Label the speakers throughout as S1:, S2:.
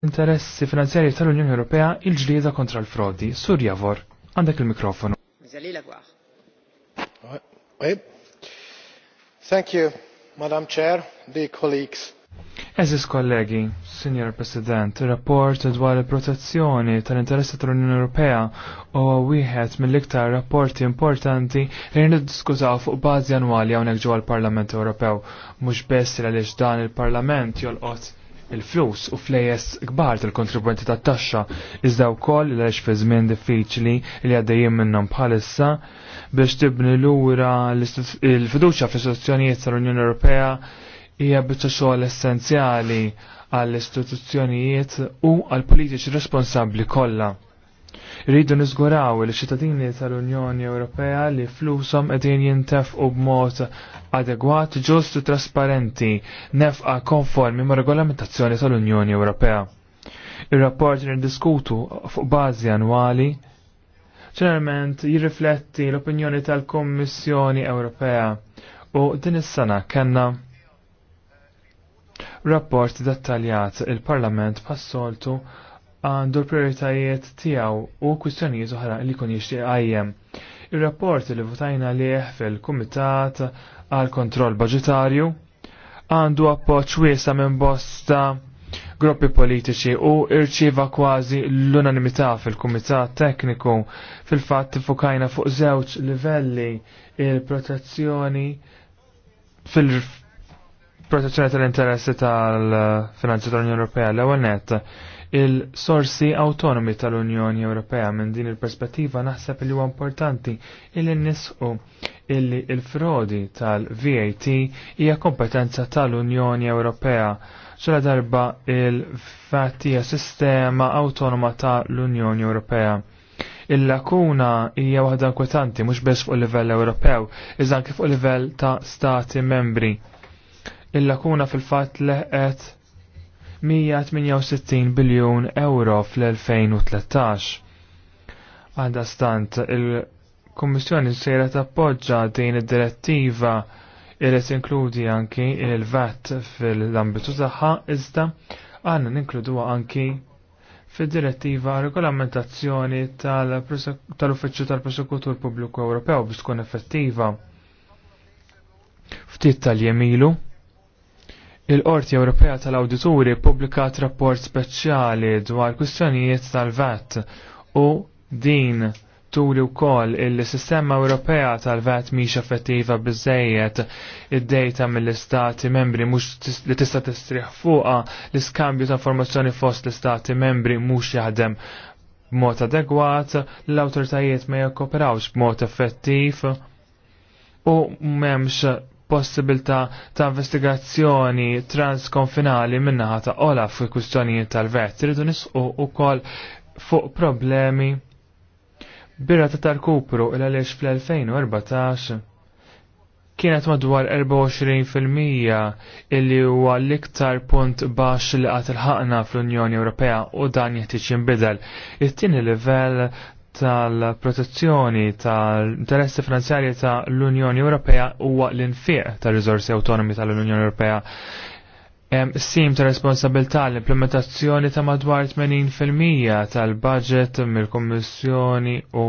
S1: interessi finanzjari tal-Unjoni Ewropea il-ġlieda kontra l-frodi. Sur Javor, għandek il-mikrofonu. Thank you, Madam Chair, dear colleagues. Eżis kollegi, Signor President, rapport dwar il-protezzjoni tal-interessi tal-Unjoni Ewropea u wieħed mill-iktar rapporti importanti li niddiskutaw fuq bażi annwali hawnhekk ġewwa l-Parlament Ewropew. Mhux biss għaliex dan il-Parlament jolqot il-flus u flejes kbar tal-kontribwenti tat-taxxa iżda wkoll l fi żmien diffiċli li għaddejjem minnhom bħalissa biex tibni lura l-fiduċja fl-istituzzjonijiet tal-Unjoni Ewropea hija biċċa xogħol essenzjali għall-istituzzjonijiet u għall politiċi responsabbli kollha. Rridu niżguraw li ċittadini tal-Unjoni Ewropea li flusom qegħdin jintefqu b'mod adegwat, ġust u trasparenti, nefqa konformi ma' regolamentazzjoni tal-Unjoni Ewropea. Ir-rapport li fuq bażi annwali ċerment jirrifletti l-opinjoni tal-Kommissjoni Ewropea u din is-sena kellna rapport dettaljat il-Parlament passoltu għandu l-prioritajiet tiegħu u kwistjonijiet oħra li kun jixtieq għajjem. Ir-rapport li votajna li fil-Kumitat għal kontroll Baġitarju għandu appoġġ wiesa minn bosta gruppi politiċi u irċiva kważi l-unanimità fil-Kumitat Tekniku fil-fatt fukajna fuq żewġ livelli il-protezzjoni fil protezzjoni tal-interessi tal-finanzi tal-Unjoni Ewropea l-ewwel nett il-sorsi autonomi tal-Unjoni Ewropea minn din il-perspettiva naħseb li huwa importanti illi nisqu illi il-frodi tal-VAT hija kompetenza tal-Unjoni Ewropea ċola darba il fattija sistema autonoma tal-Unjoni Ewropea. Il-lakuna hija waħda inkwetanti mhux biss fuq livell Ewropew, iżda anke fuq livell ta' stati membri il-lakuna fil-fat leħqet 168 biljun euro fl-2013. Għadda stant, il-Kommissjoni sejra tappoġġa din id-direttiva irret inkludi anki il-VAT fil-ambitu tagħha iżda għandna ninkluduha anki fid-direttiva regolamentazzjoni tal-Uffiċċju tal-Prosekutur Pubbliku Ewropew biex tkun effettiva. Ftit tal-jemilu, Il-Qorti Ewropea tal-Awdituri publikat rapport speċjali dwar kwistjonijiet tal-VAT u din turi wkoll il-Sistema Ewropea tal-VAT mhix effettiva bizzejiet id-dejta mill-istati membri mhux li tista' tistrieħ fuqha l-iskambju ta' informazzjoni fost l-istati membri mhux jaħdem b'mod adegwat, l-awtoritajiet ma jokkoperawx b'mod effettiv u m'hemmx possibilità ta' investigazzjoni transkonfinali minnaħa ta' ola fi kwistjonijiet tal vet Rridu nisqu ukoll fuq problemi birra ta' tal-kupru il għalix fl-2014 kienet madwar 24% illi huwa l-iktar punt baxx li qatilħaqna il fl-Unjoni Ewropea u dan jeħtieġ jinbidel. It-tieni livell tal-protezzjoni tal-interessi finanzjarji ta' l-Unjoni Ewropea huwa l infiq ta' riżorsi autonomi tal-Unjoni Ewropea. Sim ta' responsabilità l-implementazzjoni ta' madwar 80% tal-budget mill-Kommissjoni u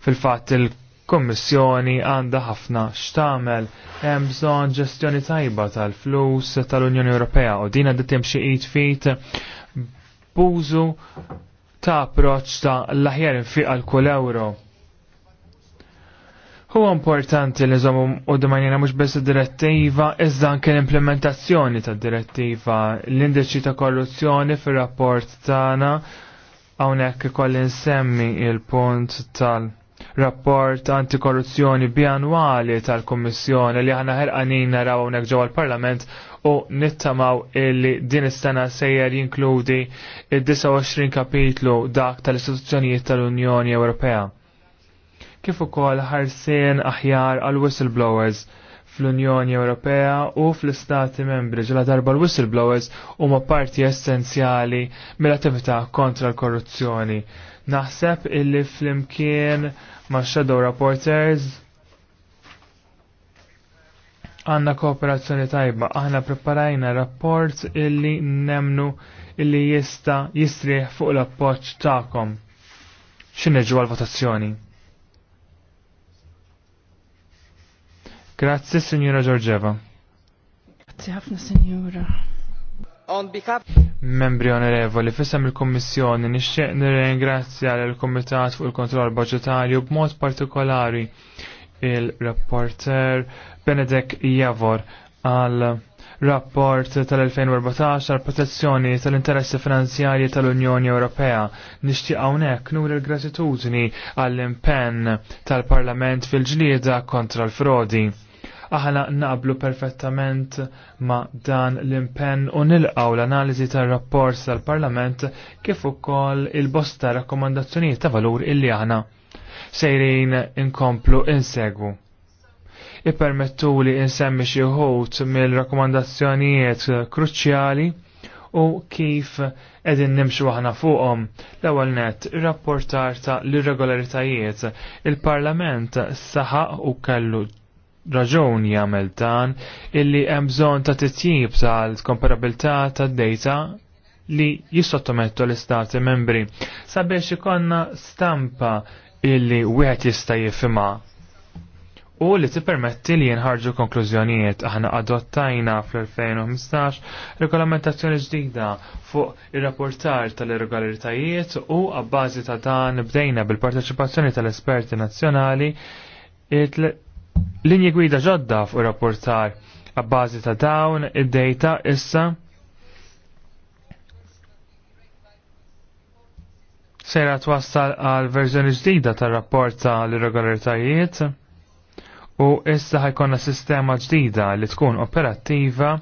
S1: fil-fatt il-Kommissjoni għandha ħafna xtamel hemm bżonn ġestjoni tajba tal-flus tal-Unjoni Ewropea u din għadha timxi id fit bużu ta' approċ ta' l-aħjar infiq għal kull euro. Huwa importanti li żommu u d mhux biss direttiva iżda anke l-implementazzjoni tad direttiva l-indiċi ta' korruzzjoni fir-rapport tagħna hawnhekk ikolli nsemmi il-punt tal- rapport antikorruzzjoni bianwali tal-Kommissjoni li ħana ħerqanin naraw hawnhekk ġewwa l-Parlament u nittamaw illi din is-sena sejjer jinkludi il 29 kapitlu dak tal-istituzzjonijiet tal-Unjoni Ewropea. Kif ukoll ħarsien aħjar għal whistleblowers fl-Unjoni Ewropea u fl-Istati Membri ġela darba l-whistleblowers huma parti essenzjali mill-attività kontra l-korruzzjoni. Naħseb illi fl-imkien ma' Shadow Reporters. Għanna kooperazzjoni tajba, aħna preparajna rapport illi nemnu illi jista jistrieħ fuq l-appoċ ta'kom. X'inġu għal-votazzjoni? Grazzi, Signora Giorgeva.
S2: Grazzi ħafna, Signora on behalf
S1: Membri onorevoli, fissem il-Kommissjoni nixtieq nirringrazzja l komitat fuq il-Kontroll Budgetarju b'mod partikolari il-rapporter Benedek Javor għal rapport tal-2014 għal protezzjoni tal-interessi finanzjarji tal-Unjoni Ewropea. Nixtieq hawnhekk nur il-gratitudni għall-impenn tal-Parlament fil-ġlieda kontra l-frodi. Aħna naqblu perfettament ma' dan l-impenn u nilqaw l-analiżi tar-rapport tal-Parlament kif ukoll il-bosta rakkomandazzjonijiet ta' valur illi aħna sejrin inkomplu insegwu. Ippermettu li insemmi xi wħud mill-rakkomandazzjonijiet kruċjali u kif edin nimxu aħna fuqhom. L-ewwel net rapportar ta' l-irregolaritajiet. Il-Parlament saħaq u kellu raġun jagħmel dan illi hemm bżonn ta' titjib tal-komparabilità tad-data li jissottomettu l-istati membri sabiex ikonna stampa illi wieħed jista' jifhimha u li tippermetti li jinħarġu konklużjonijiet aħna adottajna fl-2015 regolamentazzjoni ġdida fuq ir-rapportar tal-irregolaritajiet u għabbażi ta' dan bdejna bil-parteċipazzjoni tal-esperti nazzjonali linji gwida ġodda fuq rapportar għabbażi ta' dawn id-data issa sejra twassal għal verżjoni ġdida tar rapport l irregolaritajiet u issa ħajkonna sistema ġdida li tkun operattiva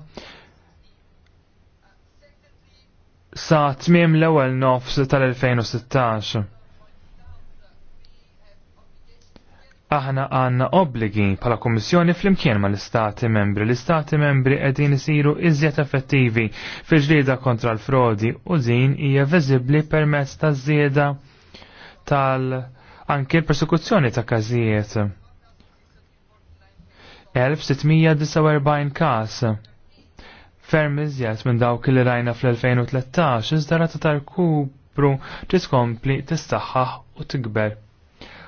S1: sa tmiem l-ewwel nofs tal-2016. aħna għanna obbligi pala Kommissjoni fl-imkien ma l-Istati membri. L-Istati membri edin isiru iżjed effettivi fil-ġlida kontra l-frodi u din hija viżibbli permezz ta' żieda tal- anke l-persekuzzjoni ta' każijiet. 1649 kas ferm iżjed minn dawk li rajna fl-2013 iżda rata tal-kubru tiskompli tistaħħaħ u tikber.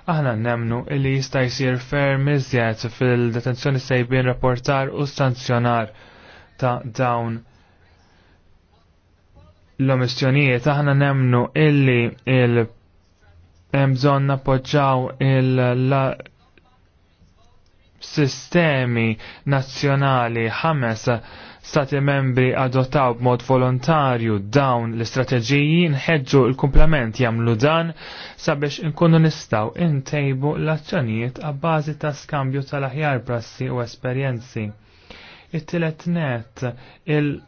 S1: Aħna nemnu illi jista' jsir ferm iżjed fil-detenzjoni sejbin rapportar u sanzjonar ta' dawn l-omissjonijiet. Aħna nemnu illi il- hemm bżonn nappoġġaw il- sistemi nazzjonali ħames stati membri adottaw b'mod volontarju dawn l-istrateġiji nħedġu l-komplement jagħmlu dan sabiex inkunu nistgħu intejbu l-azzjonijiet għabbażi ta' skambju tal-aħjar prassi u esperjenzi. It-tielet net il-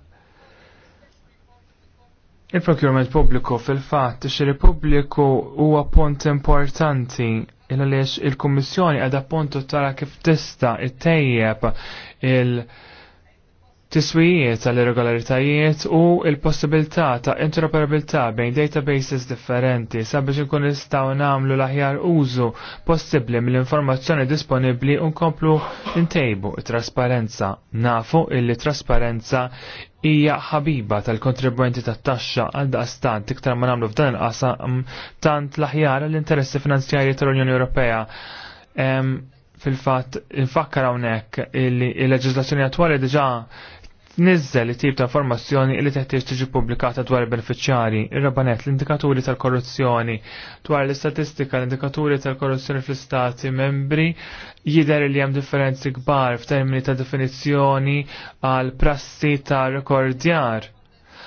S1: Il-procurement pubbliku fil-fatt xiri pubbliku huwa punt importanti il għaliex il-Kummissjoni għadha puntu tara kif tista' it-tejjeb il-, -il tiswijiet tal irregolaritajiet u il-possibilità ta' interoperabilità bejn databases differenti sabiex inkun nistgħu nagħmlu l-aħjar użu possibbli mill-informazzjoni disponibbli u nkomplu ntejbu trasparenza. Nafu illi trasparenza hija ħabiba tal-kontribwenti tat-taxxa għal daqstant iktar ma nagħmlu f'dan il-qasam tant l-aħjar l-interessi finanzjarji tal-Unjoni Ewropea fil-fat infakkar hawnhekk il-leġislazzjoni leġiżlazzjoni attwali diġà tnizzel it-tip ta' informazzjoni li teħtieġ tiġi publikata dwar il-beneficjari, ir-rabanet l-indikaturi tal-korruzzjoni, dwar l-istatistika l-indikaturi tal-korruzzjoni fl-istati membri jider li hemm differenzi kbar f'termini ta' definizzjoni għal prassi ta' rekordjar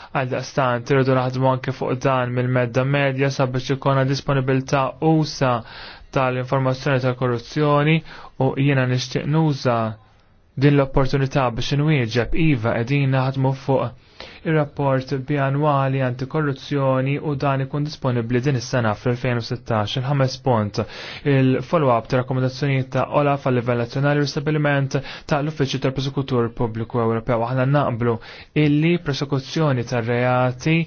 S1: għal daqstan tirridu naħdmu anke fuq dan mill-medda medja sabiex ikona disponibilta' usa tal-informazzjoni tal-korruzzjoni u jiena nixtieq nuża din l-opportunità biex inwieġeb iva qegħdin naħdmu fuq ir-rapport bianwali antikorruzzjoni u dan ikun disponibbli din is-sena fl-2016 il-ħames punt il-follow-up ta' rakkomandazzjonijiet ta' Olaf għal livell nazzjonali u stabiliment ta' l-Uffiċċju tal-Prosekutur Pubbliku Ewropew aħna naqblu illi prosekuzzjoni tar-reati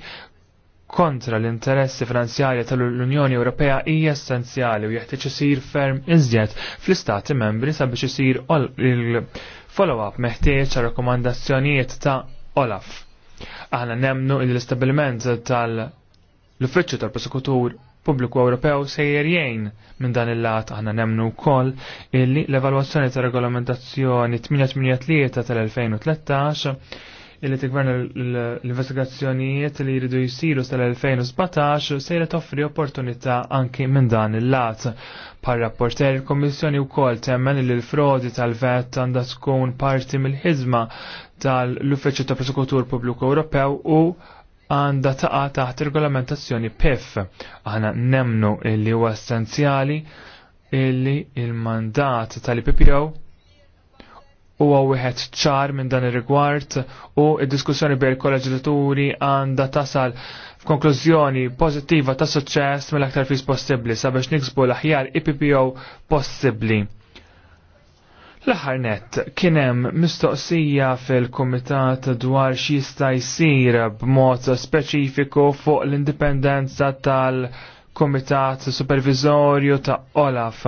S1: kontra l-interessi finanzjarji tal-Unjoni Ewropea hija essenzjali u jeħtieġ isir ferm iżjed fl-istati membri sabiex isir il-follow-up meħtieġ ta' rakkomandazzjonijiet ta' Olaf. Aħna nemnu l-istabilment tal- l-Uffiċċju tal-Prosekutur Pubbliku Ewropew sejjer jgħin minn dan il-lat aħna nemnu wkoll illi l-evalwazzjoni ta' regolamentazzjoni 883 tal-2013 illi tikverna l-investigazzjonijiet li jridu jisiru sal-2017 sejra toffri opportunità anki minn dan il-lat. Par rapporter il-Kommissjoni u kol temmen li l-frodi tal-vet għandha tkun parti mill-ħizma tal-Uffiċċju ta' Prosekutur Pubbliku Ewropew u għanda taqa taħt regolamentazzjoni PIF. Aħna nemnu illi huwa essenzjali illi il-mandat tal-IPPO huwa wieħed ċar minn dan ir-rigward u id-diskussjoni bejn il-kolleġilaturi għandha tasal f'konklużjoni pożittiva ta' suċċess mill-aktar fis possibbli sabiex niksbu l-aħjar IPPO possibbli. L-aħħar nett kien hemm mistoqsija fil-Kumitat dwar x'jista' jsir b'mod speċifiku fuq l-indipendenza tal- komitat supervizorju ta' Olaf.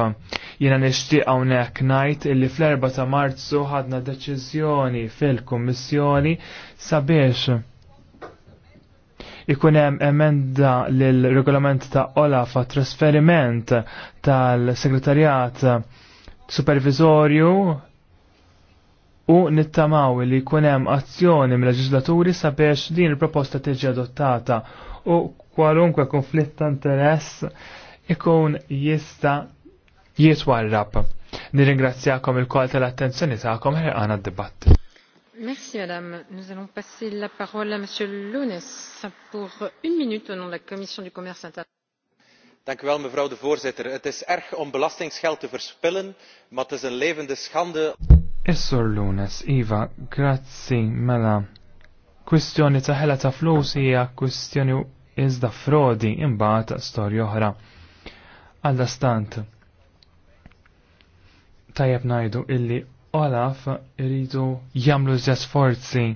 S1: Jena nishtiq hawnhekk ngħid illi fl-4 ta' Marzu ħadna deċiżjoni fil-Kummissjoni sabiex ikun hemm emenda lil regolament ta' Olaf trasferiment tal-Segretarjat Supervizorju u nittamaw li jkun hemm azzjoni mill-leġislaturi sabiex din il-proposta tiġi adottata u kwalunkwe konflitt ta' interess ikun jista jitwarrab. Nirringrazzjakom il-kol tal-attenzjoni ta'kom għana d-dibatt.
S3: Merci madame. Nous allons passer la parole à monsieur Lounes pour une minute au nom de la Commission du commerce intérieur.
S1: Dank u wel, mevrouw de voorzitter. Het is erg om belastingsgeld te verspillen, maar het is een levende schande. Is Lounès, Eva, grazie, madame kwistjoni ta' ħela ta' flus hija kwistjoni iżda frodi imbagħad storja oħra. Għalda stant. Tajjeb ngħidu illi Olaf iridu jagħmlu żja sforzi.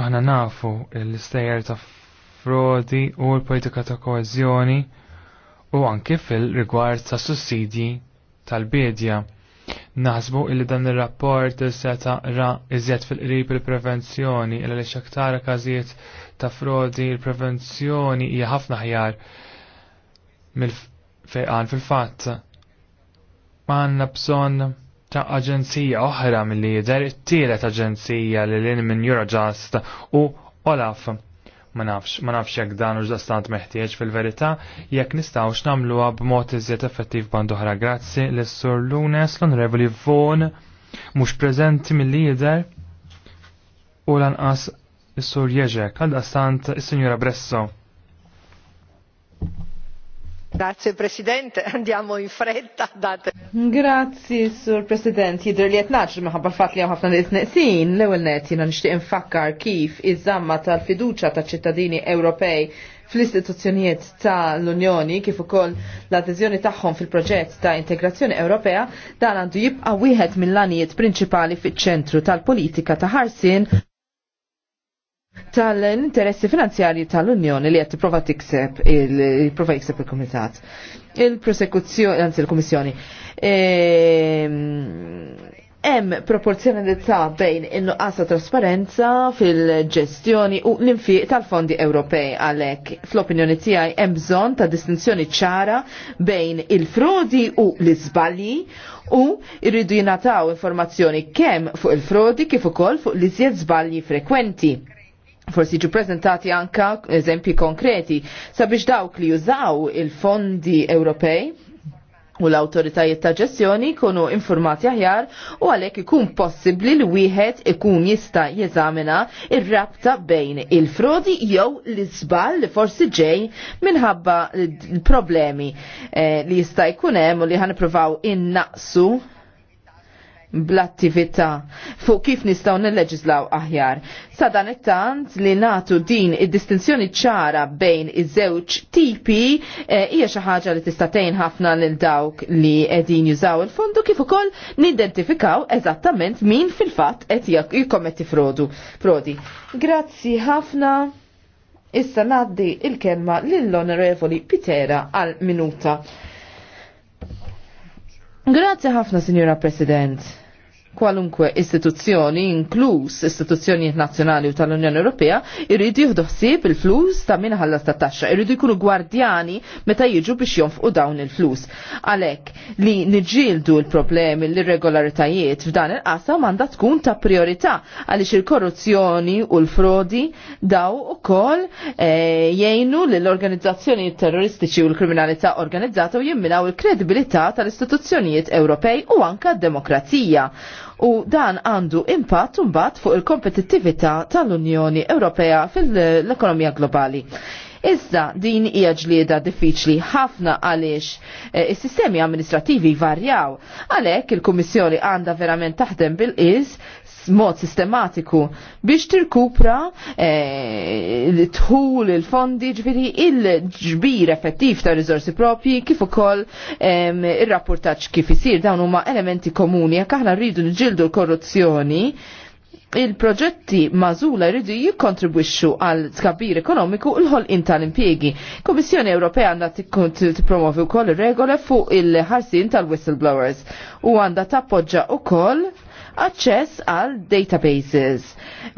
S1: Aħna nafu l-istejjer ta' frodi u l-politika ta' koeżjoni u anke fil-rigward ta' sussidji tal-bedja. Nasbu illi dan il-rapport seta ra iżjed fil-qrib il-prevenzjoni illi xaktar każijiet ta' frodi il-prevenzjoni hija ħafna ħjar mill-fejqan fil-fatt. Ma għandna bżonn ta' aġenzija oħra mill-lider, it-tielet aġenzija li l-in minn Eurojust u Olaf ma nafx, ma nafx jekk dan u stant meħtieġ fil-verità, jekk nistgħux nagħmluha b'mod iżjed effettiv bandoħra. Grazzi lis sur Lunes, l-Onorevoli Vaughn, mhux prezenti mill-lider u lanqas is-Sur Jeġek, għal dastant is-Sinjura Bresso.
S3: Grazie Presidente, andiamo in fretta. Date. Grazie Sur President, jidr li jtnaċ maħabba l-fat li ħafna nisneqsin l ewwel net jina nishtiq infakkar kif iż-żamma tal-fiduċa ta' ċittadini Ewropej fl-istituzzjonijiet ta' l-Unjoni kif ukoll l-adeżjoni tagħhom fil-proġett ta' integrazzjoni Ewropea dan għandu jibqa' wieħed mill-għanijiet prinċipali fiċ-ċentru tal-politika ta' ħarsien tal-interessi finanzjarji tal-Unjoni li qed tipprova tikseb il-prova jikseb il-Kumitat. Il-prosekuzzjoni, anzi il-Kummissjoni. Ehm, hemm proporzjonalità bejn il nuqqas trasparenza fil-ġestjoni u l-infiq tal-fondi Ewropej għalhekk fl-opinjoni tiegħi hemm bżonn ta' distinzjoni ċara bejn il-frodi u l-iżbalji u irridu jingħataw informazzjoni kemm fuq il-frodi kif ukoll fuq l izjed żbalji frekwenti forsi ġu prezentati anka eżempi konkreti sabiex dawk li jużaw il-fondi Ewropej u l-autoritajiet ta' ġestjoni kunu informati aħjar u għalek ikun possibli li wieħed ikun jista' jeżamina ir-rabta bejn il-frodi jew l-isbal li forsi ġej minħabba l-problemi eh, li jista' jkun hemm u li ħanipruvaw innaqsu bl-attività fuq kif nistgħu nilleġislaw aħjar. Sa'dan it-tant li natu din id-distinzjoni ċara bejn iż-żewġ tipi eh, hija e, xi ħaġa li tista' tgħin ħafna lil dawk li qegħdin jużaw il-fondu kif ukoll nidentifikaw eżattament min fil-fatt qed jikkommetti frodu. Frodi. Grazzi ħafna. Issa naddi il-kelma lill-Onorevoli Pitera għal minuta. Grazie ħafna, Signora President kwalunkwe istituzzjoni, inkluż istituzzjonijiet nazzjonali u tal-Unjoni Ewropea, irridu jieħdu ħsieb il-flus ta' min ħallas ta' taxxa, irridu jkunu gwardjani meta jiġu biex jonfqu dawn il-flus. Għalhekk li niġġieldu l-problemi l-irregolaritajiet f'dan il-qasam għandha tkun ta' priorità għaliex il-korruzzjoni u l-frodi daw ukoll e, jgħinu l-organizzazzjoni terroristiċi u l-kriminalità organizzata u jimminaw il-kredibilità tal-istituzzjonijiet Ewropej u anka d-demokrazija u dan għandu impatt mbagħad fuq il-kompetittività tal-Unjoni Ewropea fil-ekonomija globali. Iżda din hija ġlieda diffiċli ħafna għaliex e, is-sistemi amministrativi varjaw. Għalhekk il-Kummissjoni għandha verament taħdem bil qis mod sistematiku biex tirkupra l-tħul, eh, il-fondi, ġviri il-ġbir effettiv ta' rizorsi propji kif ukoll il-rapportaċ kif isir dawn huma elementi komuni jekk aħna rridu nġildu l-korruzzjoni il-proġetti mażula jridu jikkontribwixxu għal tkabbir ekonomiku l ħolqien tal-impjiegi. Komissjoni Ewropea għandha tippromovi wkoll ir-regola fuq il-ħarsien tal-whistleblowers u għandha tappoġġa wkoll aċċess għal databases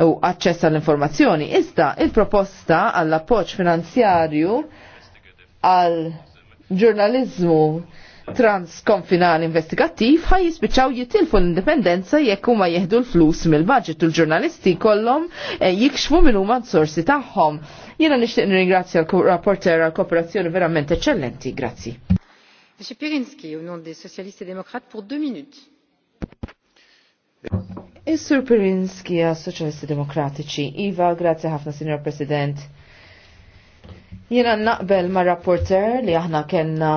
S3: u aċċess għall informazzjoni. Iżda il-proposta għall appoġġ finanzjarju għal ġurnalizmu transkonfinal investigattiv ħaj jisbiċaw jitilfu l-indipendenza jekk huma jieħdu l-flus mill-budget u l-ġurnalisti kollhom eh, jikxfu minn huma sorsi tagħhom. Jiena nixtieq nirringrazzja l-rapporter għal kooperazzjoni verament eċċellenti, grazzi.
S2: Monsieur Pirinski,
S3: au nom des socialistes et démocrates, pour deux minutes. Is-Sur Pirinski għas Soċjalisti Demokratiċi. Iva, grazzi ħafna, Sinjor President. Jena naqbel ma' rapporter li aħna kellna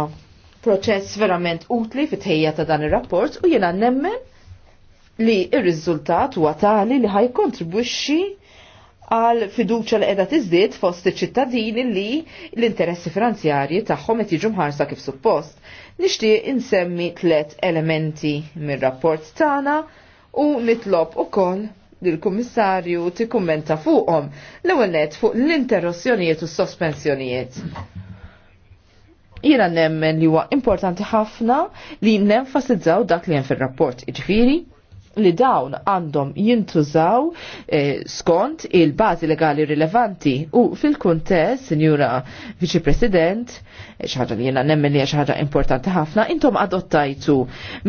S3: proċess verament utli fit-ħejja ta' dan ir-rapport u jena nemmen li ir-riżultat huwa tali li ħajkontribwixxi għal fiduċa li qiegħda tiżdied fost iċ-ċittadini li l-interessi finanzjarji tagħhom qed jiġu mħarsa kif suppost. Nixtieq insemmi tliet elementi mir-rapport tagħna u nitlob ukoll lill-Kummissarju tikkummenta fuqhom l-ewwel fuq l interrossjonijiet u s-sospensjonijiet. Jiena nemmen li huwa importanti ħafna li nenfasizzaw dak li hemm fir-rapport, iġifieri li dawn għandhom jintużaw eh, skont il-bazi legali rilevanti u fil-kuntest, sinjura Viċi President, eh, xaħġa li jena nemmen li xaħġa importanti ħafna, intom adottajtu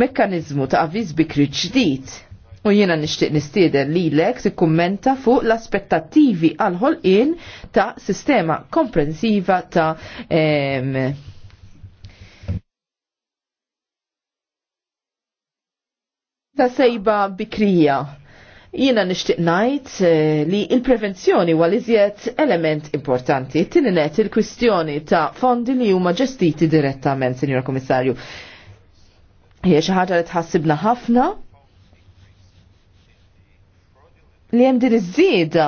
S3: mekkanizmu ta' avviz bikri ġdid U jiena nixtieq nistieden lilek tikkummenta fuq l-aspettattivi għal ħolqien ta' sistema komprensiva ta' em, ta' sejba bikrija. Jiena nixtieq ngħid eh, li il-prevenzjoni għal iżjed element importanti. Tieni il-kwistjoni ta' fondi li huma ġestiti direttament, Sinjor Komissarju. Hija xi ħaġa li tħassibna ħafna li hemm din iż-żieda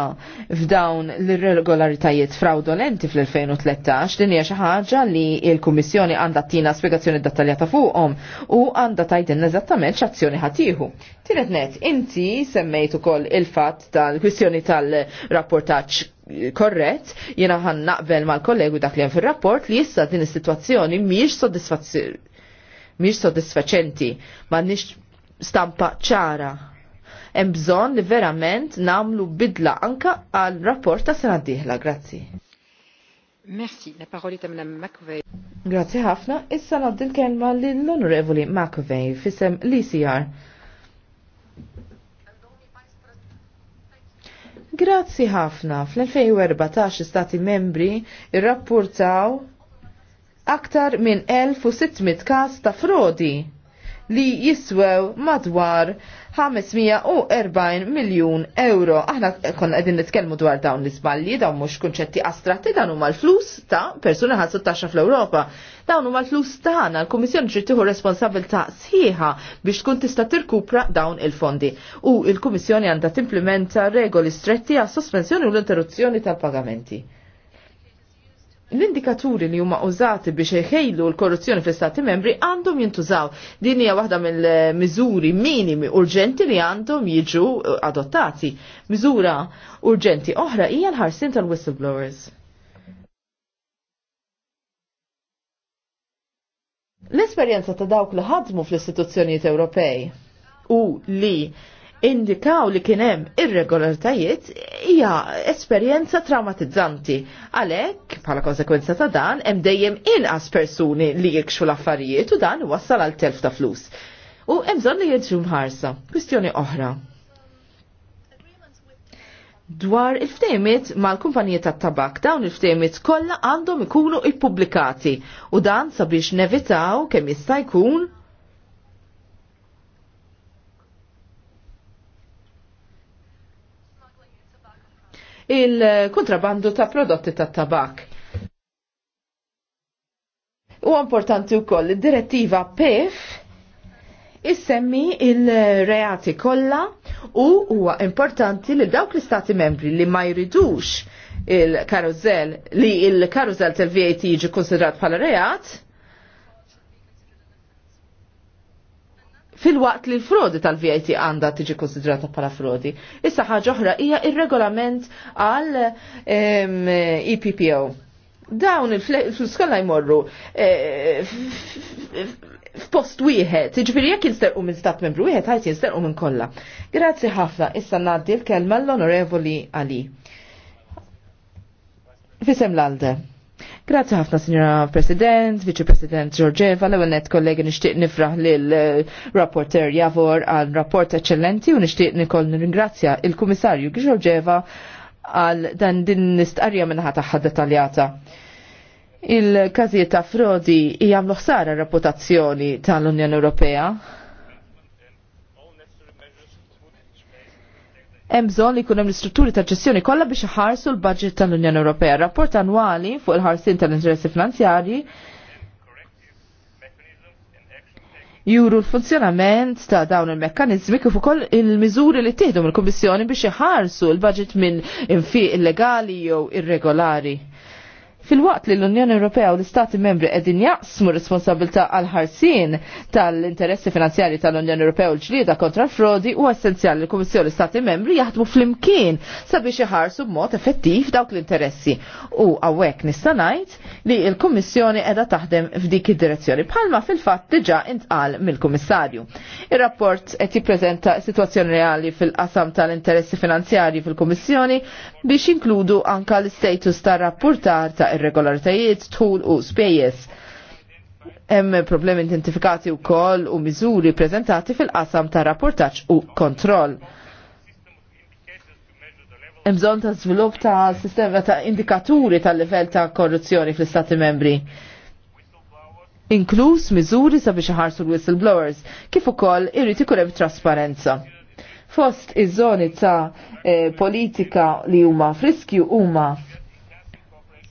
S3: f'dawn l-irregolaritajiet fraudolenti fl-2013 din hija xi ħaġa li l-Kummissjoni għandha tina spjegazzjoni dettaljata fuqhom u għandha tajdin eżattament x'azzjoni ħatiħu. Tienet net, inti semmejt ukoll il-fatt tal-kwistjoni tal-rapportaġġ korrett, jena ħan naqbel mal-kollegu dak li hemm fir-rapport li issa din is-sitwazzjoni mhijiex soddisfazzjoni mhijiex soddisfaċenti, m'għandniex stampa ċara hemm bżonn li verament nagħmlu bidla anka għal rapport ta' sena d-dieħla. Grazzi. Merci, la paroli ta' Madame McVeigh. Grazzi ħafna, issa naddi l-kelma lill-Onorevoli McVeigh fisem l-ICR. Grazzi ħafna, fl-2014 stati membri irrappurtaw aktar minn 1600 kas ta' frodi li jiswew madwar 540 miljun euro. Aħna konna qegħdin nitkellmu dwar dawn l isballi dawn mhux kunċetti astratti, dawn huma l-flus ta' persuna ħad taxxa fl-Ewropa. Dawn huma l-flus tagħna, l komissjoni trid responsabil responsabilità sħiħa biex tkun tista' tirkupra dawn il-fondi. U l-Kummissjoni għandha timplementa regoli stretti għas sospensjoni u l-interruzzjoni tal-pagamenti l-indikaturi li huma użati biex jħejlu l-korruzzjoni fl-Stati membri għandhom jintużaw. Din hija waħda mill-miżuri minimi urġenti li għandhom jiġu eh, adottati. Miżura urġenti oħra hija l-ħarsin tal-whistleblowers. L-esperjenza ta' dawk li ħadmu fl-istituzzjonijiet Ewropej u li indikaw li kienem irregolaritajiet hija esperjenza traumatizzanti. Għalhekk, bħala konsekwenza ta' dan, hemm dejjem inqas persuni li jikxu l-affarijiet u dan wassal għal telf ta' flus. U hemm bżonn li jiġu mħarsa. Kwistjoni oħra. Dwar il-ftejmiet mal kumpanijiet tat tabak dawn il-ftejmiet kollha għandhom ikunu ippubblikati u dan sabiex nevitaw kemm jista' jkun il-kontrabandu ta' prodotti ta' tabak. U importanti wkoll id-direttiva PEF issemmi il-reati kollha u huwa importanti li dawk l-istati membri li ma jridux il-karuzel li il-karuzel tal-VAT jiġi konsidrat bħala reat fil-waqt li l-frodi tal-VAT għanda tiġi konsidrata bħala frodi. Issa ħaġa oħra hija ir-regolament għal EPPO. E Dawn il-flus jmorru eh, f'post wieħed, jiġifieri jekk jinsterqu minn stat membru wieħed ħajt jinsterqu minn kollha. Grazzi ħafna, issa ngħaddi l-kelma l-Onorevoli Ali. Fisem l-Alde. Grazie ħafna, Signora President, Vice President Giorgeva, l-ewel net kollegi nishtiq nifraħ lil eh, rapporter Javor għal rapport eccellenti u nishtiq nikoll ringrazzja il-Kummissarju Giorgeva għal dan din nistqarja minnaħa taħħa detaljata. Il-kazijiet ta' frodi jgħamlu ħsara reputazzjoni tal-Unjoni Ewropea hemm bżonn li jkun hemm l-istrutturi ta' ġestjoni kollha biex iħarsu l-budget tal-Unjoni Ewropea. Rapport annwali fuq il-ħarsin tal-interessi finanzjarji juru l-funzjonament ta' dawn il-mekkanizmi kif ukoll il-miżuri li tieħdu mill-Kummissjoni biex iħarsu l-budget minn infiq illegali jew irregolari. Fil-waqt li l-Unjoni Ewropea u l-Istati membri qegħdin jaqsmu responsabilità għal ħarsien tal-interessi finanzjari tal-Unjoni Ewropea u l-ġlieda kontra l-frodi u essenzjali li kummissjoni u l-Istati membri jaħdmu flimkien sabiex iħarsu b'mod effettiv dawk l-interessi. U għawek nista' ngħid li l-Kummissjoni qiegħda taħdem f'dik id-direzzjoni bħalma fil-fatt diġà intqal mill-Kummissarju. Ir-rapport qed jippreżenta situazzjoni reali fil-qasam tal-interessi finanzjari fil-Kummissjoni biex inkludu anka l-status tar-rapportar ta' irregolaritajiet, tul u spejjeż. Hemm problemi identifikati wkoll u miżuri prezentati fil-qasam ta' rapportaġġ u kontroll. Hemm bżonn ta' żvilupp ta' sistema ta' indikaturi tal-livell ta' korruzzjoni fl-Istati membri inkluż miżuri sabiex iħarsu l-whistleblowers, kif ukoll irid ikun hemm trasparenza. Fost iż-żoni ta' eh, politika li huma friskju huma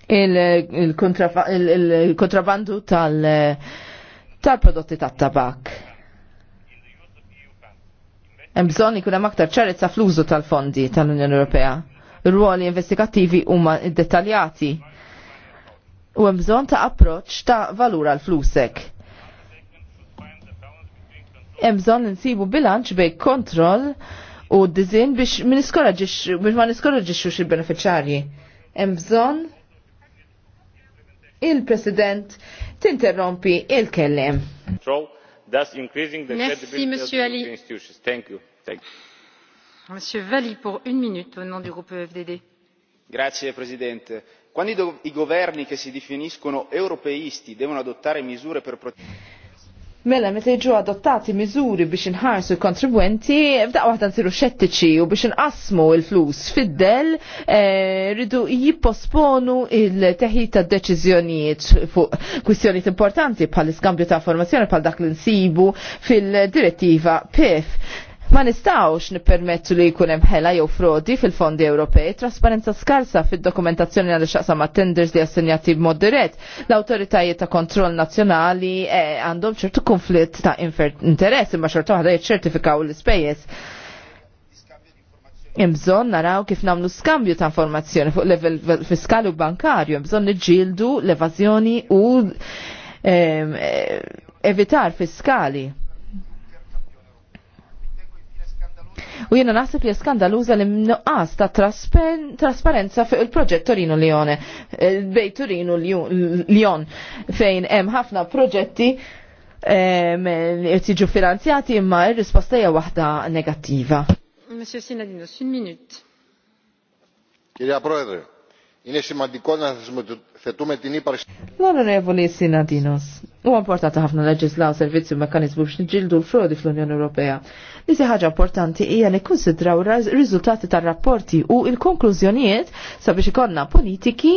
S3: il-kontrabandu tal-prodotti tat-tabak. Hemm bżonn ikun hemm aktar ċarezza fl-użu tal-fondi tal-Unjoni Ewropea. Ir-ruoli investigattivi huma dettaljati u hemm bżonn ta' approċċ ta' valur għal flusek. Hemm bżonn insibu bilanċ bejn kontroll u d-dizin biex ma niskoraġixxu xi beneficjarji. Hemm bżonn Il-President tinterrompi il-kellem.
S1: Merci, Monsieur Ali. Thank you. Thank you.
S3: Monsieur Valli pour une minute au nom du groupe e FDD.
S1: Grazie Presidente. Quando i, i
S3: governi che si definiscono europeisti devono adottare misure per proteggere Mela, meta jiġu adottati miżuri biex inħarsu l-kontribwenti, f'daqqa waħda nsiru xettiċi u biex inqasmu l-flus fid-del, eh, rridu jipposponu il-teħid ta' deċiżjonijiet fuq kwistjonijiet importanti bħal iskambju ta' informazzjoni bħal dak l-insibu fil-direttiva PIF. Ma nistawx nippermettu li jkun hemm ħela jew frodi fil-fondi Ewropej, trasparenza skarsa fid-dokumentazzjoni għal xaqsam ma' tenders li assenjati b'mod dirett. L-awtoritajiet ta' kontroll nazzjonali eh, għandhom ċertu konflitt ta' interess imma xorta waħda jiċċertifikaw l-ispejjeż. Imbżon naraw kif namlu skambju ta' informazzjoni fuq level fiskali u bankarju, imbżon niġġieldu l-evażjoni u ehm, eh, evitar fiskali U jiena naħseb li skandaluża li mnuqqas ta' trasparenza fuq il-proġett Torino Lione, eh, bej Torino Lion, fejn hemm ħafna proġetti eh, jiġu finanzjati imma ir-risposta hija waħda negattiva.
S2: Monsieur Sinadinos, une minute. Il y a preuve. Είναι σημαντικό να θεσμοθετούμε
S1: την ύπαρξη.
S3: L-Onorevoli Sinadinos, u importanti ħafna leġislaw servizzi u mekkanizmu biex nġildu l-frodi fl-Unjoni Ewropea. Nisi ħaġa importanti hija li konsidraw riżultati tar-rapporti u il-konklużjonijiet sabiex ikonna politiki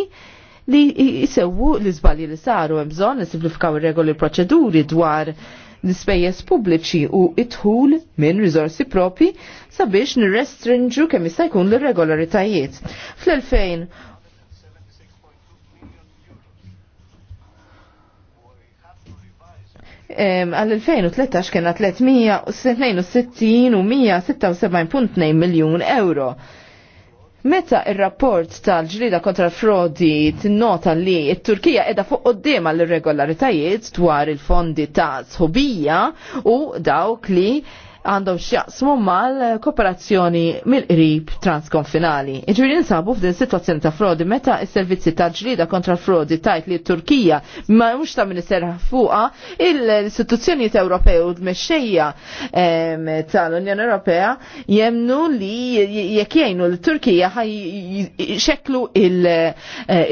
S3: li jisewu l-iżbalji li saru hemm bżonn simplifikaw regoli proċeduri dwar l-ispejjeż pubbliċi u itħul minn rizorsi propi sabiex nirrestrinġu kemm jista' jkun l-irregolaritajiet. Fl-2000 għal-2013 kena 362 u 176.2 miljon euro. Meta il-rapport tal-ġlida kontra frodi tinnota li il turkija edha fuq qoddim għall irregolaritajiet dwar il-fondi ta' sħubija u dawk li għandhom xjaqsmu mal-kooperazzjoni mill-qrib transkonfinali. Iġviri nsabu f'din situazzjoni ta' frodi meta s-servizzi ta' ġlida kontra frodi tajt li Turkija ma mhux ta' minister fuqa l-istituzzjonijiet Ewropew u d-mexxejja tal-Unjoni Ewropea jemnu li jekk jgħinu l Turkija ħaj xeklu eh,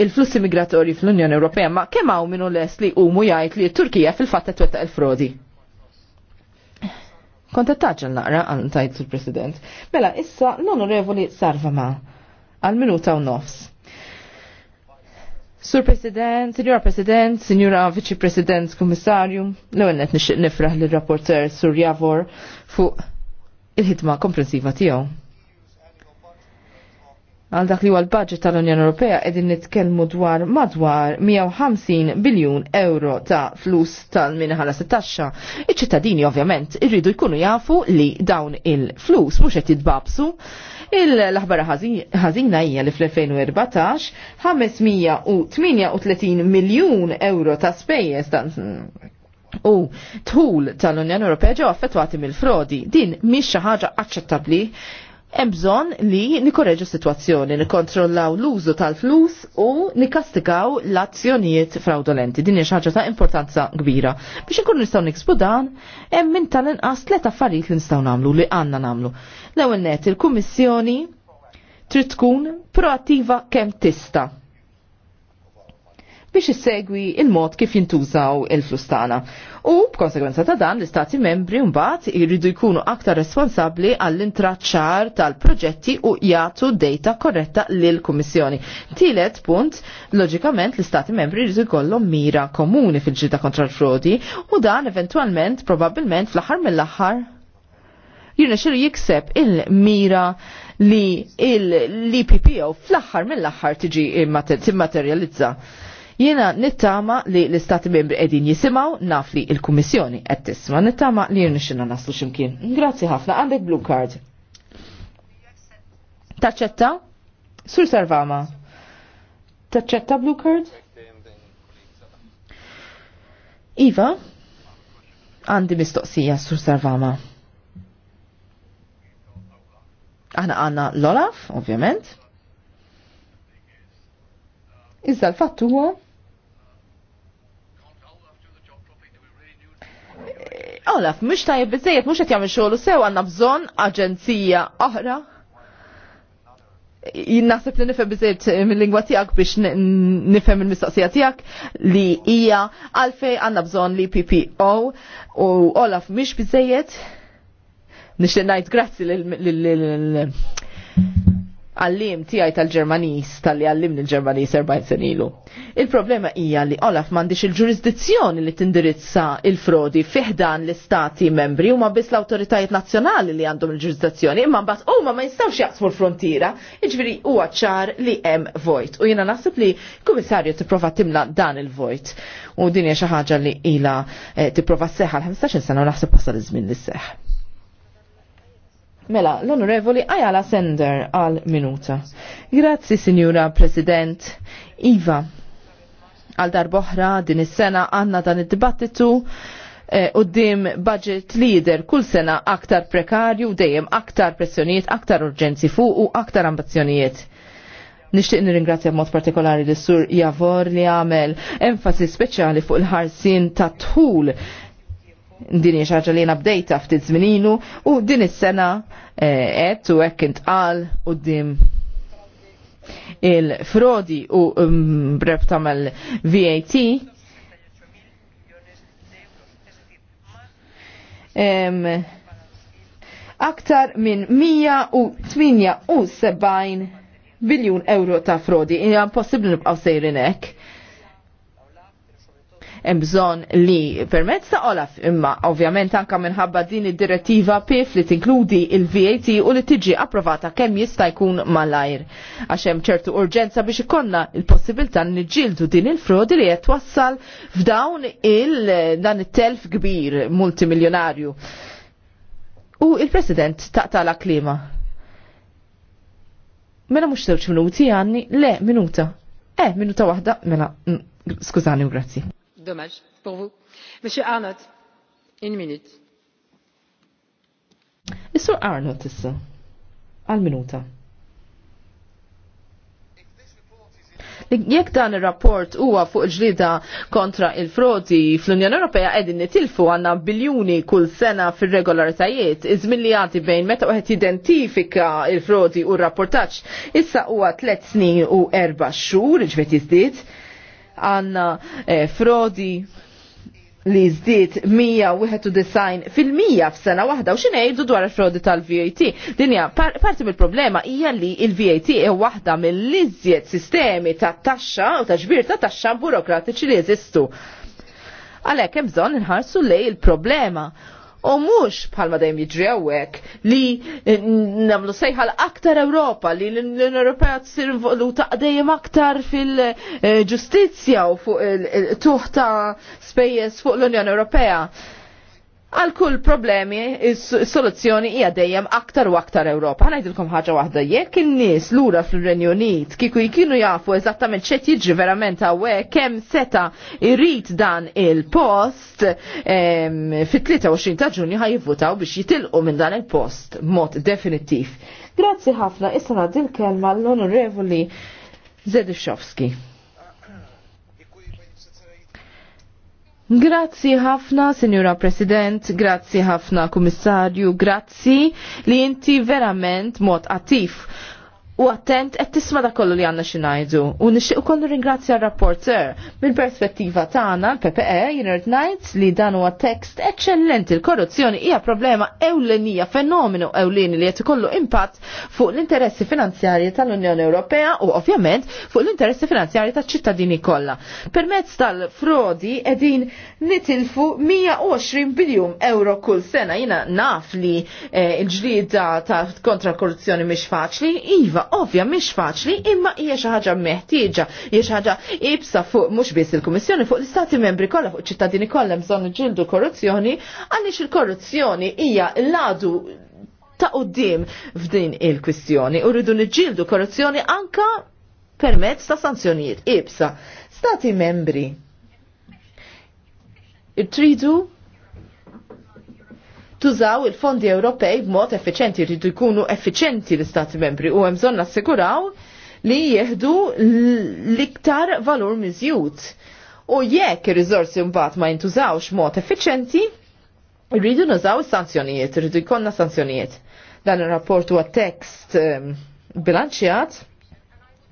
S3: il-flussi migratori fl-Unjoni Ewropea ma kemm hawn minnu les li huma jgħid li Turkija fil-fatt twettaq il-frodi. Kontettaġ naqra għal tajt il-President. Mela, issa l-onorevoli Sarvama għal-minuta u nofs. Sur President, Signora President, Signora Vice President, Kommissarju, l għennet net nifraħ l-rapporter Sur Javor fuq il-ħidma komprensiva tiegħu għal dak li huwa l-budget tal-Unjoni Ewropea qegħdin nitkellmu dwar madwar 150 biljun euro ta' flus tal-minħala 16. Iċ-ċittadini ovvjament irridu jkunu jafu li dawn il-flus mhux qed jitbabsu. Il-aħbara ħażina hija li fl-2014 538 miljun euro ta' spejjeż ta' U tħul tal-Unjoni Ewropea ġew affettwati mill-frodi. Din mhix xi ħaġa aċċettabbli hemm bżonn li nikorreġu situazzjoni, nikkontrollaw l-użu tal-flus u nikastikaw l-azzjonijiet fraudolenti. Din hija ħaġa ta' importanza kbira. Biex inkunu nistgħu niksbu dan, hemm minn tal-inqas tliet affarijiet li nistgħu nagħmlu li għandna nagħmlu. L-ewwel il-Kummissjoni trid tkun proattiva kemm tista' biex issegwi il-mod kif jintużaw il-flus tagħna. U b'konsegwenza ta' dan l-istati membri mbagħad jridu jkunu aktar responsabbli għall-intraċċar tal-proġetti u jagħtu data korretta lil kummissjoni. Tielet punt, loġikament l-istati membri jridu jkollhom mira komuni fil-ġita kontra l-frodi u dan eventwalment probabbilment fl-aħħar mill-aħħar jirna xiru jikseb il-mira li l-PPO fl aħħar mill aħħar tiġi immaterializza. Jiena nittama li l-Istati membri qegħdin jisimgħu naf li l-Kummissjoni qed tisma' nittama li rnexxinna naslu x'imkien. Grazzi ħafna għandek blue card. Taċċetta? Sur Sarvama. Taċċetta blue card? Iva, għandi mistoqsija sur Sarvama. Aħna għanna l-Olaf, ovvjament. Iżda l-fatt huwa Eh, Olaf, mux tajib bizzejiet, mux għet jgħamil xoħlu sew għanna bżon aġenzija oħra. Jinnaħseb li nifem bizzejiet eh, mill-lingwa tijak biex nifem il-mistoqsija tijak li hija għalfej għanna bżon li PPO u Olaf, mux bizzejiet. Nix li najt grazzi għallim tijaj tal-Ġermanis, tal-li għallim il-Ġermanis 40 senilu. Il-problema hija li Olaf mandiċ il-ġurisdizzjoni li tindirizza il-frodi fiħdan l-istati membri u ma bis l-autoritajiet nazjonali li għandhom il-ġurisdizzjoni imma bat u ma ma jistawx jaqsmu l-frontira iġviri u ċar li hemm vojt. U jena naħseb li komissarju tipprova timla dan il-vojt. U din hija xi ħaġa li ila eh, tipprova seħħal 15 sena u naħseb pasal iż-żmien li seħħ. Mela, l-onorevoli Ajala Sender għal minuta. Grazzi, Signora President. Iva, għal darboħra din is-sena għanna dan id-dibattitu qoddim eh, budget leader kull sena aktar prekarju, dejjem aktar pressjonijiet, aktar urġenzi fuq u aktar ambizzjonijiet. Nishtiq nirringrazzja b'mod partikolari l sur Javor li għamel enfasi speċjali fuq il-ħarsin ta' tħul din hija xaġa li jiena bdejta ftit żminilu u din is-sena qed eh, u hekk intqal quddiem il-frodi u breb mm, tamal VAT aktar minn 178 biljun euro ta' frodi. Hija possibli nibqgħu sejrinek hemm bżonn li permezz ta' Olaf imma ovvjament anka minħabba din id-direttiva PIF li tinkludi il-VAT u li tiġi approvata kemm jista' jkun malajr. Għax hemm ċertu urġenza biex ikonna il-possibilità niġġieldu din il-frodi li qed wassal f'dawn il dan it-telf kbir multimiljonarju. U il-President taqtala klima. Mela mhux żewġ minuti għanni, le minuta. Eh, minuta waħda, mela, mm, skużani u grazzi dommage pour vous. Monsieur Arnott, une minute. Is-sur Arnott issa, al minuta jekk dan ir-rapport huwa fuq ġlida kontra il-frodi fl-Unjoni Ewropea qegħdin nitilfu għandna biljuni kull sena fir-regolaritajiet iżmin li jagħti bejn meta wieħed identifika il-frodi u r-rapportaġġ issa huwa tliet snin u erba' xhur ġifiet iżdiet għanna eh, frodi li zdiet 191 fil-mija f'sena waħda u du dwar il-frodi tal-VAT. Dinja, par parti mill-problema hija li il-VAT e waħda mill-iżjed sistemi ta' taxxa u ta' ġbir ta' taxxa burokratiċi li jeżistu. Għalhekk hemm bżonn inħarsu lej il-problema u mhux bħalma dejjem jiġri hawnhekk li nagħmlu sejħa aktar Ewropa li l europa tsir involuta taqdejem aktar fil-ġustizzja eh, u fuq il-tuħ ta' spejjeż fuq l-Unjoni Ewropea għal kull problemi is-soluzzjoni hija dejjem aktar u aktar Ewropa. Ħanajdilkom ħaġa waħda jekk in-nies lura fil-Renju Unit kieku jkienu jafu eżattament x'qed jiġri verament hawnhekk kemm seta irid dan il-post fit-23 ta' Ġunju ħajvutaw biex jitilqu minn dan il-post mod definittiv. Grazzi ħafna, issa il kelma l-Onorevoli Zedishovski. Grazzi ħafna, Signora President, grazzi ħafna, Kummissarju, grazzi li inti verament mod attiv u attent qed tisma' da kollu li għandna xi ngħidu. U nixtieq ukoll ringrazzja r-rapporter mill-perspettiva tagħna l-PPE jirid ngħid li dan huwa tekst eċċellenti. l korruzzjoni hija problema ewlenija, fenomenu ewlieni li qed ikollu impatt fuq l-interessi finanzjarji tal-Unjoni Ewropea u ovvjament fuq l-interessi finanzjarji taċ-ċittadini kollha. Permezz tal-frodi qegħdin nitilfu 120 biljum euro kull sena. Jiena naf li eh, il l-ġlieda ta' kontra korruzzjoni mhix faċli, iva ovvja mhix faċli imma hija xi ħaġa meħtieġa, hija xi ħaġa ibsa fuq mhux biss il-Kummissjoni fuq l-Istati membri kollha fuq ċittadini kollha bżonn ġildu korruzzjoni għaliex il-korruzzjoni hija l-għadu ta' qudiem f'din il-kwistjoni u rridu niġġieldu korruzzjoni anka permezz ta' sanzjonijiet ibsa. Stati membri tridu tużaw il-fondi Ewropej b'mod effiċenti, jridu jkunu effiċenti l-Istati membri u hemm bżonn assiguraw li jieħdu l-iktar valur miżjud. U jekk ir-riżorsi mbagħad ma jintużawx mod effiċenti, rridu nużaw is-sanzjonijiet, rridu jkollna sanzjonijiet. Dan ir-rapport huwa tekst ehm, bilanċjat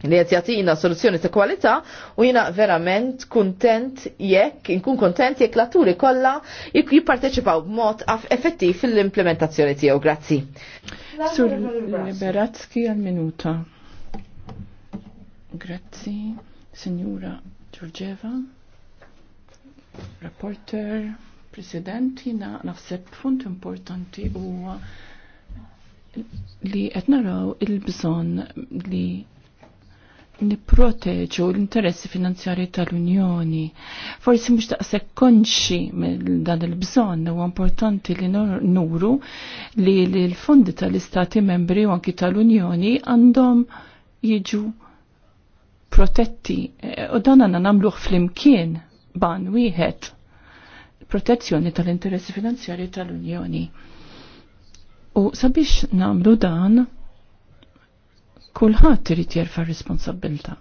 S3: li għet jagħtina soluzzjoni ta' kwalità u jiena verament kuntent jekk inkun kontent jekk l-atturi kollha jipparteċipaw b'mod effettiv fil-implementazzjoni tiegħu. Grazzi.
S2: Sur Liberatski għal minuta. Grazzi, Signora Giorgeva, Reporter, President, jina naħseb punt importanti huwa li qed naraw il-bżonn li niproteġu l-interessi finanzjari tal-Unjoni. Forsi mhux daqshekk konxi dan il-bżonn huwa importanti li nuru li l-fondi tal-Istati membri u anki tal-Unjoni għandhom jiġu protetti eh, u dan namluħ fl flimkien ban wieħed protezzjoni tal-interessi finanzjari tal-Unjoni. U sabiex namlu dan, Kulħadd irid jerfa' responsabilta.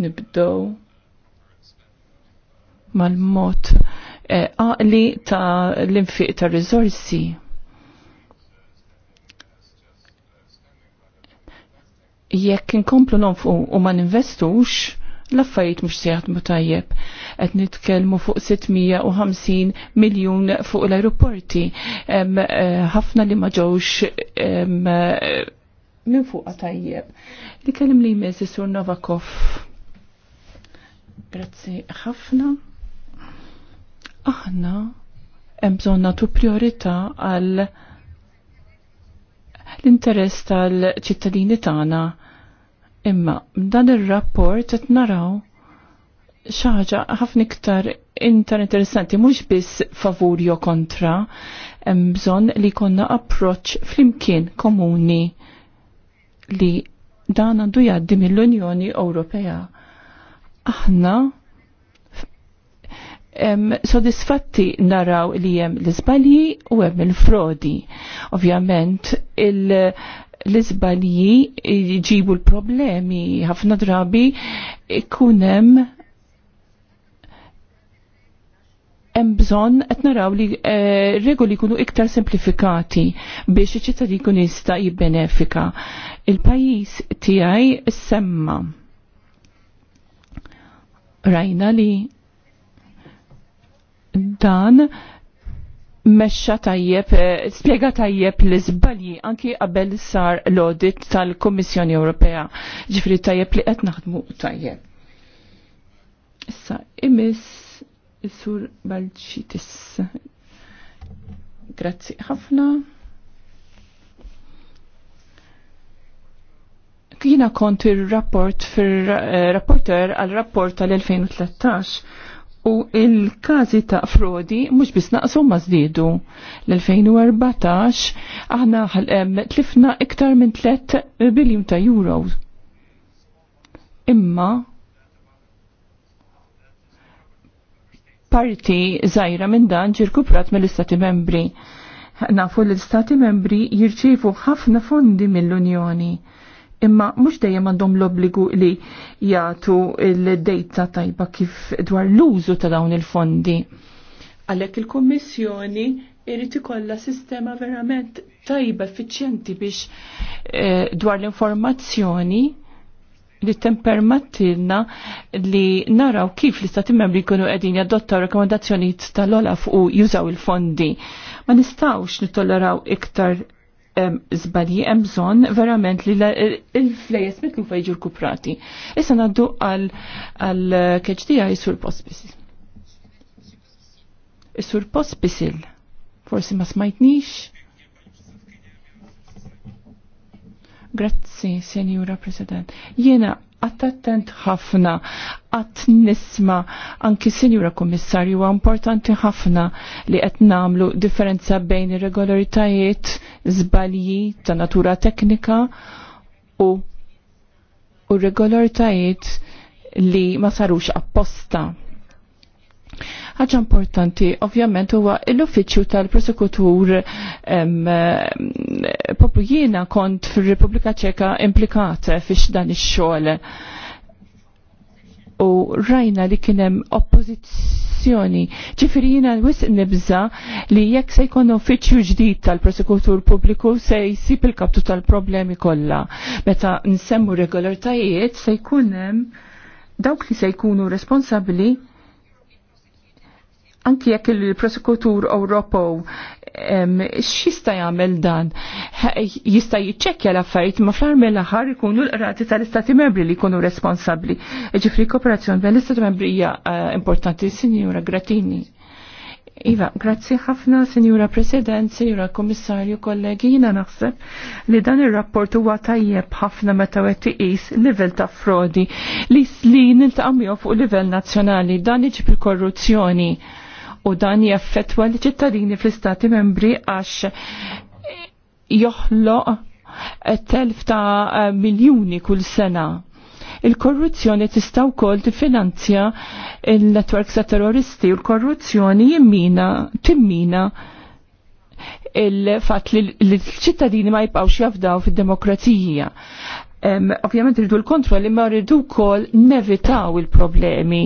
S2: Nibdow mal-mod eh, għaqli ta' l-infiq ta' rizorsi. Jekk inkomplu nonfu u ma ninvestux, l-affarijiet mhux se jaħdmu tajjeb. Qed nitkellmu fuq 650 miljun fuq l-aeroporti. Eh, ħafna li ma ġewx minn fuq tajjeb. Li kellim li jmiss Sur Novakov. Grazzi ħafna. Aħna hemm bżonn nagħtu priorità għal l-interess tal-ċittadini tagħna. Imma dan ir-rapport qed naraw xaġa ħafna iktar inter interessanti, mhux biss favur jo kontra, hemm bżonn li konna approċċ flimkien komuni li dan għandu jgħaddi mill-Unjoni Ewropea. Aħna sodisfatti naraw li jem l-izbalji u jem il-frodi. Ovvjament, il l-izbalji jġibu l-problemi ħafna drabi ikunem hemm bżonn qed naraw li eh, regoli jkunu iktar simplifikati biex iċ-ċittadin jkun jista' jibbenefika. Il-pajjiż tiegħi semma rajna li dan mexxa tajjeb, eh, spjega tajjeb l żbalji anki qabel sar l-audit tal-Kummissjoni Ewropea. Ġifri tajjeb li qed naħdmu tajjeb. Issa, imis Is-sur Balċitis. Grazzi ħafna. Kina kont il-rapport fil-rapporter eh, għal-rapport tal-2013 u il-kazi ta' frodi mux bis naqsu ma zdidu. L-2014 aħna eh, tlifna iktar minn 3 biljum ta' euro. Imma parti zaħira minn dan ġirkuprat mill-Istati membri. Nafu l-Istati membri jirċifu ħafna fondi mill-Unjoni imma mux dejjem għandhom l-obbligu li jgħatu l-dejta tajba kif dwar l-użu ta' dawn il-fondi. Għalek il-Kommissjoni irrit ikollha sistema verament tajba effiċjenti biex eh, dwar l-informazzjoni li tempermattilna li naraw kif li stati membri kunu edin jadottaw rekomendazzjoni tal-olaf u jużaw il-fondi. Ma nistawx nitolleraw iktar zbali hemm bżonn verament li l flejes mitlu jiġu kuprati. Issa naddu għal għaj sur pospisil. sur pospisil. Forsi ma smajtnix. Grazzi, Senjura President. Jiena attent ħafna, għat nisma anki Sinjura Kommissarju huwa importanti ħafna li qed namlu differenza bejn irregolaritajiet żbalji ta' natura teknika u u regolaritajiet li ma sarux apposta Ħaġa importanti, ovvjament, huwa l-uffiċċju tal-prosekutur poplu jiena kont fir-Repubblika Ċeka implikat fiex dan ix-xogħol. U rajna li kien hemm oppożizzjoni ġifieri jiena wisq l li jekk se jkun uffiċċju ġdid tal-prosekutur pubbliku se jsib il-kaptu tal-problemi kollha. Meta nsemmu regolartajiet se jkun hemm dawk li se jkunu responsabbli anki jekk il-prosekutur Ewropew x'jista' jagħmel dan? Jista' jiċċekkja l-affarijiet ma fl armel aħar aħħar ikunu l-qrati tal-Istati Membri li jkunu responsabbli. Ġifri kooperazzjoni bejn l-Istati Membri hija eh, importanti, Sinjura Gratini. Iva, grazzi ħafna, Sinjura President, Sinjura Komissarju, jina naħseb li dan ir-rapport huwa tajjeb ħafna meta wet tiqis livell ta' frodi li li niltaqgħu fuq livell nazzjonali dan iġib il-korruzzjoni u dan jaffetwa li ċittadini fl-istati membri għax joħloq telf ta' miljuni kull sena. Il-korruzzjoni tista' wkoll tiffinanzja il-networks ta' terroristi u l-korruzzjoni jimmina timmina il-fat li l-ċittadini ma jibqawx jafdaw fid-demokrazija. Ovvjament rridu l-kontroll imma rridu wkoll nevitaw il-problemi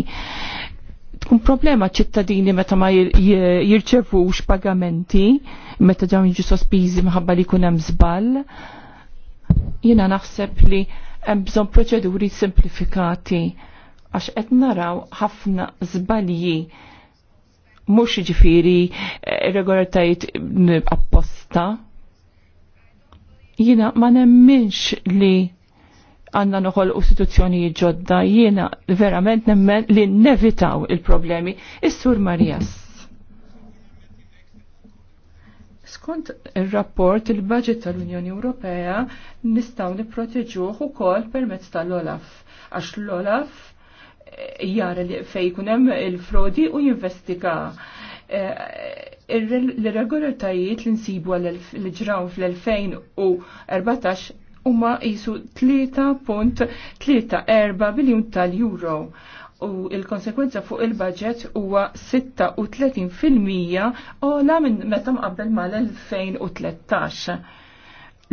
S2: tkun problema ċittadini meta ma jirċevux pagamenti, meta ġaw jiġu sospiżi minħabba li jkun hemm żball. Jiena naħseb li hemm bżonn proċeduri simplifikati għax qed naraw ħafna żbalji mhux ġifiri irregolartajiet eh, apposta. Jiena ma nemminx li għanna noħol istituzzjoni ġodda jiena verament nemmen li nevitaw il-problemi. Is-Sur Marijas. Skont il-rapport il-budget tal-Unjoni Ewropea nistaw niproteġuħ ukoll permezz tal-Olaf għax l-Olaf eh, jara li fejkunem il-frodi u jinvestiga eh, l regolatajiet li nsibu l-ġraw fl-2014 huma qisu 3.34 biljun tal-euro u il-konsekwenza fuq il-budget huwa 36% ola minn meta mqabbel mal-2013.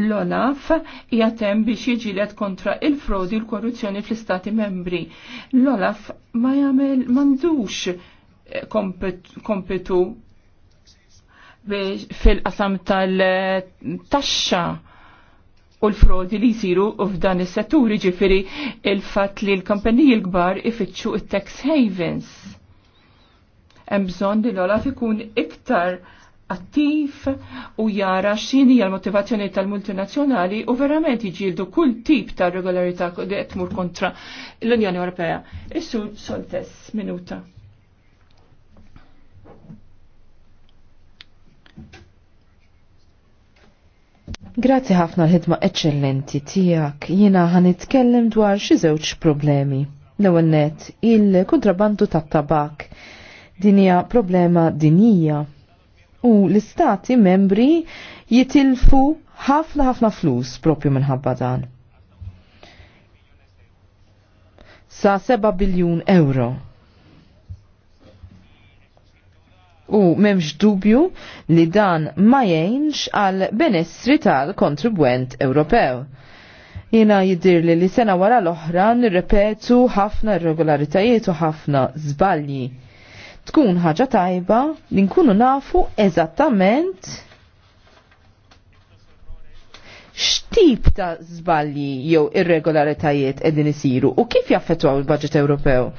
S2: L-Olaf jatem biex jiġilet kontra il-frodi l-korruzzjoni fl-Istati membri. L-Olaf ma jagħmel mandux eh, kompetu fil-qasam tal-taxxa eh, u l-frodi li jisiru u f'dan is setturi ġifiri il-fat li l-kampaniji l-kbar ifittxu it-tax havens. Hemm bżonn li l-olaf ikun iktar attiv u jara xini l-motivazzjoni tal-multinazzjonali u verament jiġildu kull tip ta' regolarità li qed tmur kontra l-Unjoni Ewropea. Issu soltes minuta.
S3: Grazzi ħafna l-ħidma eċċellenti tiegħek. Jiena itkellem dwar xi żewġ problemi. L-ewwel net, il-kontrabandu tat-tabak. hija problema dinija. U l-istati membri jitilfu ħafna ħafna flus propju minħabba dan. Sa 7 biljun euro u memx dubju li dan ma jgħinx għal benessri tal-kontribwent Ewropew. Jena jiddir li li sena wara l-oħra nirrepetu ħafna irregolaritajiet u ħafna zbalji. Tkun ħaġa tajba li nkunu nafu eżattament x'tip ta' zbalji jew irregolaritajiet qegħdin isiru u kif jaffettwaw il-budget Ewropew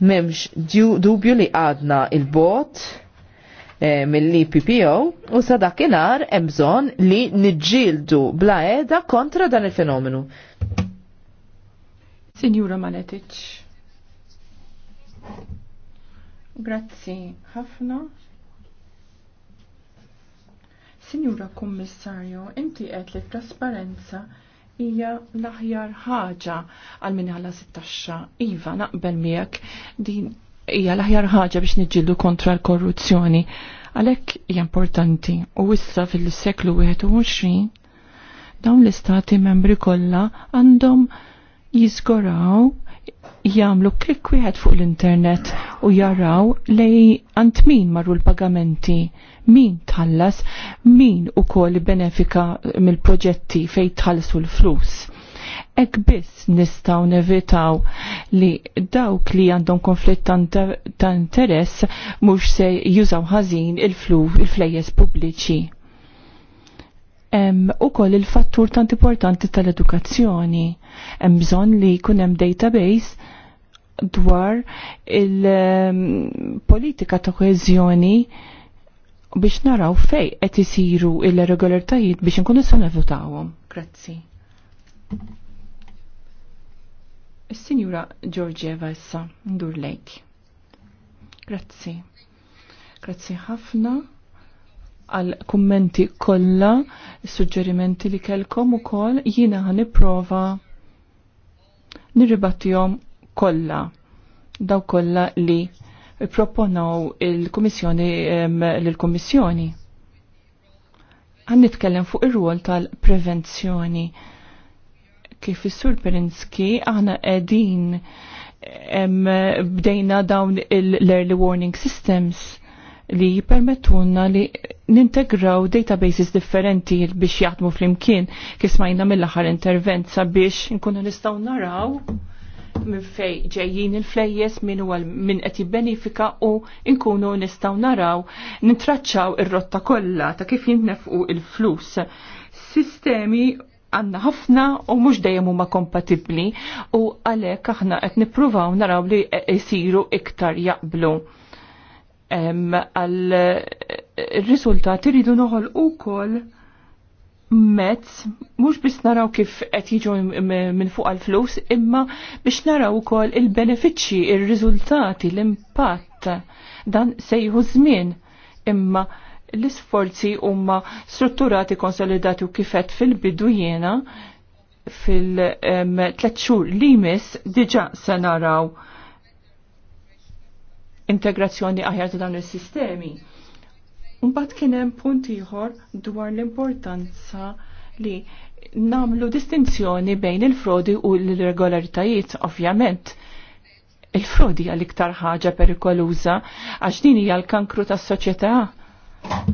S3: Memx dubju li għadna il-bot eh, mill-IPPO u sa dakinhar hemm bżonn li niġġieldu bla edha kontra dan il-fenomenu.
S2: Signora Maletic. Grazzi ħafna. Signora Kommissarju, inti qed li trasparenza hija l-aħjar ħaġa għal minn għalla 16 iva naqbel miegħek din hija l-aħjar ħaġa biex niġġieldu kontra l-korruzzjoni. Għalhekk hija importanti u issa fil-seklu 21 dawn l-istati membri kollha għandhom jiżgoraw Jamlu klik wieħed fuq l-internet u jaraw lej għand min marru l-pagamenti, min tħallas, min ukoll benefika mill-proġetti fejn tħallsu l-flus ek biss nistaw nevitaw li dawk li għandhom konflitt ta' interess mux se jużaw ħażin il-flu il-flejjes pubbliċi. Em, u koll il-fattur tant importanti tal-edukazzjoni. Hemm bżonn li jkun hemm database dwar il-politika ehm, ta' koeżjoni biex naraw fej qed isiru il-regolaritajiet biex nkunu se nevutawhom. Grazzi. Is-Sinjura Georgieva issa ndur lejk. Grazzi. Grazzi ħafna għal kummenti kollha, suġġerimenti li kelkom ukoll jiena ħaniprova nirribattihom kollha daw kolla li proponaw il-Kummissjoni lill-Kummissjoni. Għan nitkellem fuq ir-rwol tal-prevenzjoni. Kif is-Sur Perinski aħna qegħdin bdejna dawn l-early warning systems li jipermettuna li nintegraw databases differenti biex jaħdmu fl-imkien kismajna mill-aħħar intervent sabiex nkunu nistgħu naraw minn fej ġejjin il-flejjes minn huwa minn qed jibbenifika u nkunu nistgħu naraw nintraċċaw ir-rotta kollha ta' kif jinnefqu il-flus. Sistemi għanna ħafna u mhux dejjem huma kompatibbli u għalhekk aħna qed nippruvaw naraw li jsiru e- e- iktar jaqblu għal eh, riżultat iridu noħol ukoll mezz mhux biss naraw kif qed jiġu minn fuq għall-flus, imma biex naraw ukoll il-benefiċċji, ir-riżultati, il benefiċċji ir riżultati l impatt dan sejħu żmien imma l-isforzi huma strutturati konsolidati u kifet fil-bidu jiena fil-tlet xhur li jmiss diġà se naraw integrazzjoni aħjar ta' dawn is-sistemi. Mbagħad kien hemm punt ieħor dwar l-importanza li namlu distinzjoni bejn il-frodi u l-irregolaritajiet, ovvjament. Il-frodi għal iktar ħaġa perikoluża għax din hija l-kankru tas-soċjetà.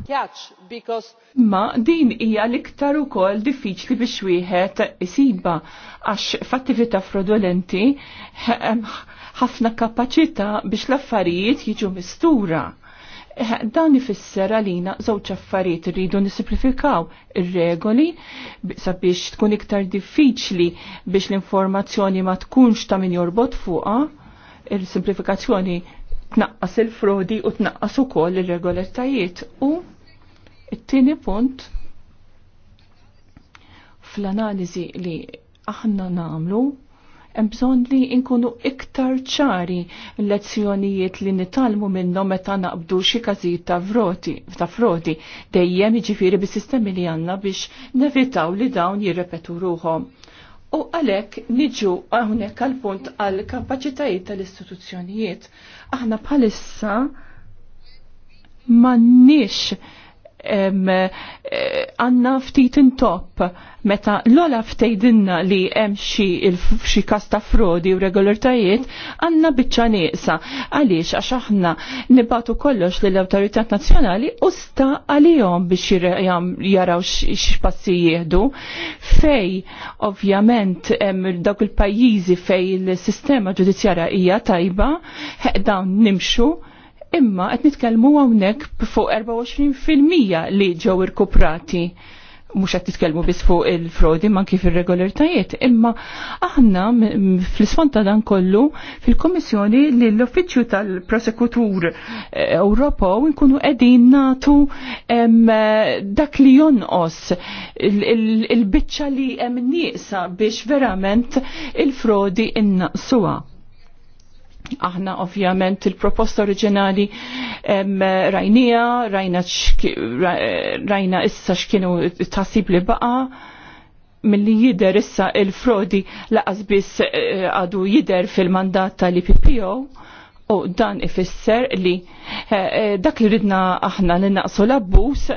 S2: Kjaċ, because... Ma din hija l-iktar ukoll diffiċli biex wieħed isiba għax f'attività frodolenti ħafna kapaċità biex l-affarijiet jiġu mistura. Eh, Dan ifisser għalina żewġ affarijiet irridu nisimplifikaw ir-regoli sabiex tkun iktar diffiċli biex l-informazzjoni ma tkunx ta' min jorbot fuqha, il-simplifikazzjoni tnaqqas il-frodi u tnaqqas ukoll ir-regoletajiet u it-tieni punt fl-analiżi li aħna namlu bżon li inkunu iktar ċari lezzjonijiet li nitalmu minnhom meta naqbdu xi każijiet ta' vroti ta' frodi dejjem jiġifieri bis-sistemi li għandna biex nevitaw li dawn jirrepetu ruhom. U għalhekk niġu hawnhekk għal punt għal kapaċitajiet tal-istituzzjonijiet. Aħna bħalissa m'għandniex Eh, għanna ftit intop meta l-ola ftejdinna li hemm xi kasta ta' frodi u regolartajiet għanna biċċa nieqsa għaliex għax aħna nibatu kollox lill awtoritat nazzjonali u sta għalihom biex jaraw x'passi jieħdu fej ovvjament hemm dawk il-pajjiżi fej il-sistema ġudizzjarja hija tajba dawn nimxu imma qed nitkellmu hawnhekk fuq 24% li ġew irkuprati mhux qed titkellmu biss fuq il-frodi ma kif ir-regolaritajiet, imma aħna fl-isfond ta' dan kollu fil-Kommissjoni li l-Uffiċċju tal-Prosekutur eh, Ewropew nkunu qegħdin natu dak li jonqos il-biċċa li hemm nieqsa biex verament il-frodi innaqsuha Aħna ovvjament il-proposta oriġinali rajnija, rajna, rajna issa x'kienu tasib li baqa' mill-li jider issa il-frodi laqas biss eh, għadu jider fil-mandat tal-IPPO u dan ifisser li eh, eh, dak li ridna aħna li naqsu l-abbus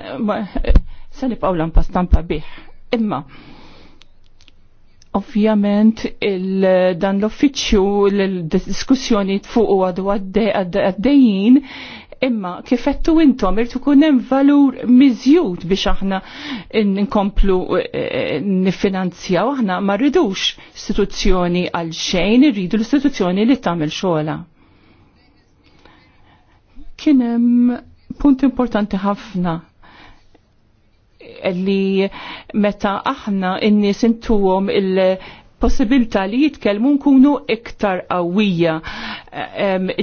S2: se nibqaw l-anpa stampa bih. Imma, Ovvjament dan l-offiċju l-diskussjoni fuq għadu għaddejjin imma kifettu intom irtu kunem valur miżjud biex aħna nkomplu eh, eh, nifinanzjaw aħna ma rridux istituzzjoni għal xejn irridu l-istituzzjoni li tagħmel xogħla. Kien hemm punt importanti ħafna li meta aħna n nies intuhom il-possibilità li jitkellmu nkunu iktar qawwija.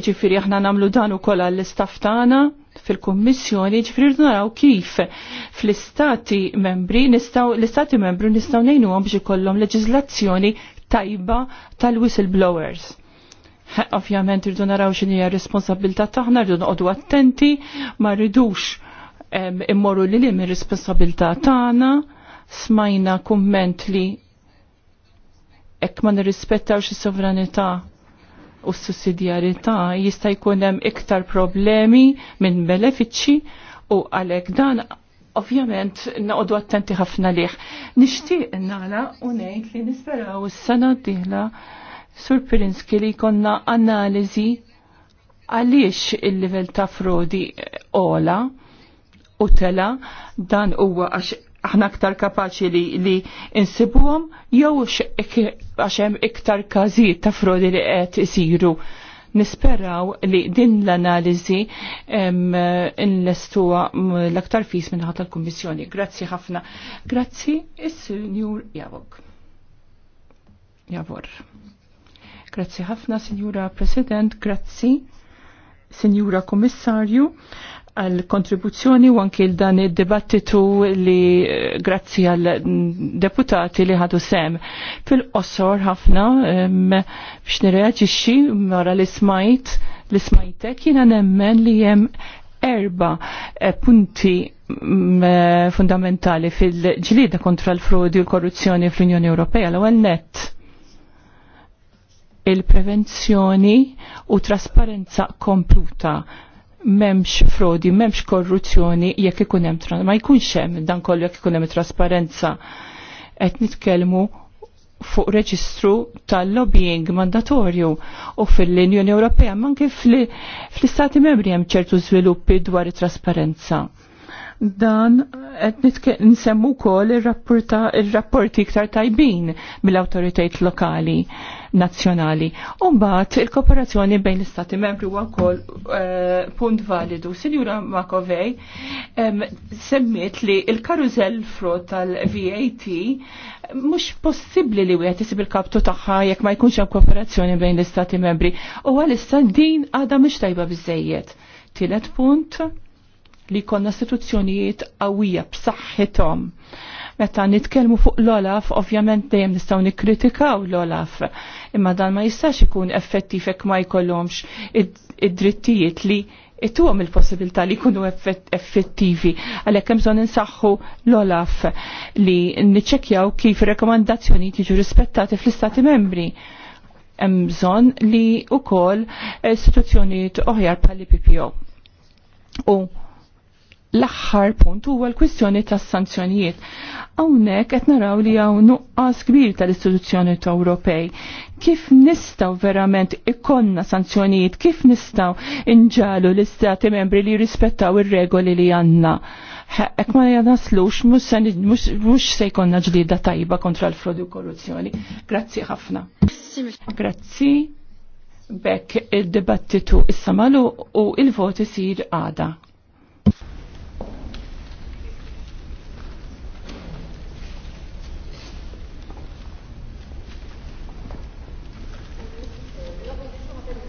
S2: Ġifieri aħna nagħmlu dan ukoll għall istaftana tagħna fil-Kommissjoni rridu naraw kif fl-istati membri nistaw, l-istati membri nistaw nejnu għom biex ikollhom leġizlazzjoni tajba tal-whistleblowers. Ovvjament rridu naraw x'inhi r-responsabilità taħna, rridu noqogħdu attenti, ma rridux immorru li li mir responsabilità tagħna smajna kumment li jekk ma nirrispettawx is-sovranità u s-sussidjarità jista' jkun hemm iktar problemi minn benefiċċji u għalhekk dan ovvjament naqodu attenti ħafna liħ. Nixtieq nara u ngħid li nisperaw is-sena d-dieħla Sur Pirinski li jkollna analizi għaliex il-livell ta' frodi ola u tela dan huwa għax aħna aktar kapaċi li, li insibuhom jew għax hemm iktar każijiet ta' frodi li qed isiru. Nisperaw li din l-analiżi nlestuha l-aktar fis minn ħadd tal-Kummissjoni. Grazzi ħafna. Grazzi is-Sinjur Javog. Javor. Grazzi ħafna, Sinjura President, grazzi. Sinjura Kommissarju, għal kontribuzzjoni u anki dan id-dibattitu li eh, grazzi għal deputati li ħadu sem. Fil-qosor ħafna biex xi mara li smajt li smajtek jina nemmen li jem erba eh, punti eh, fundamentali fil-ġlida kontra l-frodi u l-korruzzjoni fl-Unjoni Ewropea l-ewwel nett il-prevenzjoni u trasparenza kompluta memx frodi, memx korruzzjoni jekk ikun hemm ma jkunx hemm dan kollu jekk ikun hemm trasparenza. Qed nitkellmu fuq reġistru tal-lobbying mandatorju u fil-Unjoni Ewropea, ma anke fl-Istati Membri hemm ċertu żviluppi dwar it-trasparenza dan qed nsemmu wkoll ir-rapporti iktar tajbin mill-awtoritajiet lokali nazzjonali. U mbagħad il-kooperazzjoni bejn l-istati membri huwa wkoll eh, punt validu. Sinjura Makovej semmiet li il-karuzell frod tal-VAT mhux possibbli li wieħed isib il-kaptu tagħha jekk ma jkunx hemm kooperazzjoni bejn l-istati membri. U għalissa din għadha mhux tajba biżejjed. Tielet punt li konna istituzzjonijiet qawwija b'saħħithom. Meta nitkellmu fuq l-Olaf, ovvjament dejjem nistgħu nikkritikaw l-Olaf, imma dan ma jistax ikun effettiv hekk ma jkollhomx id-drittijiet li ituhom il-possibilità li jkunu effettivi. Għalhekk hemm bżonn insaħħu l-Olaf li niċċekkjaw kif rekomandazzjonijiet jiġu rispettati fl-Istati membri hemm bżonn li wkoll istituzzjonijiet oħjar bħal-PPO. U l-aħħar punt huwa l-kwistjoni tas-sanzjonijiet. Hawnhekk qed naraw li hawn nuqqas kbir tal-istituzzjoni Ewropej. Kif nistgħu verament ikonna sanzjonijiet, kif nistgħu inġalu l-istati membri li jirrispettaw ir-regoli li għandna. Ek ma naslux, mux se jkonna ġlida tajba kontra l-frodi u korruzzjoni. Grazzi ħafna. Grazzi. Bekk il-dibattitu issa malu u il-voti sir għada.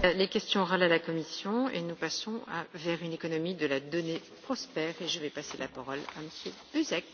S3: Euh, les questions orales à la Commission et nous passons à, vers une économie de la donnée prospère. Et je vais passer la parole à M. Buzek.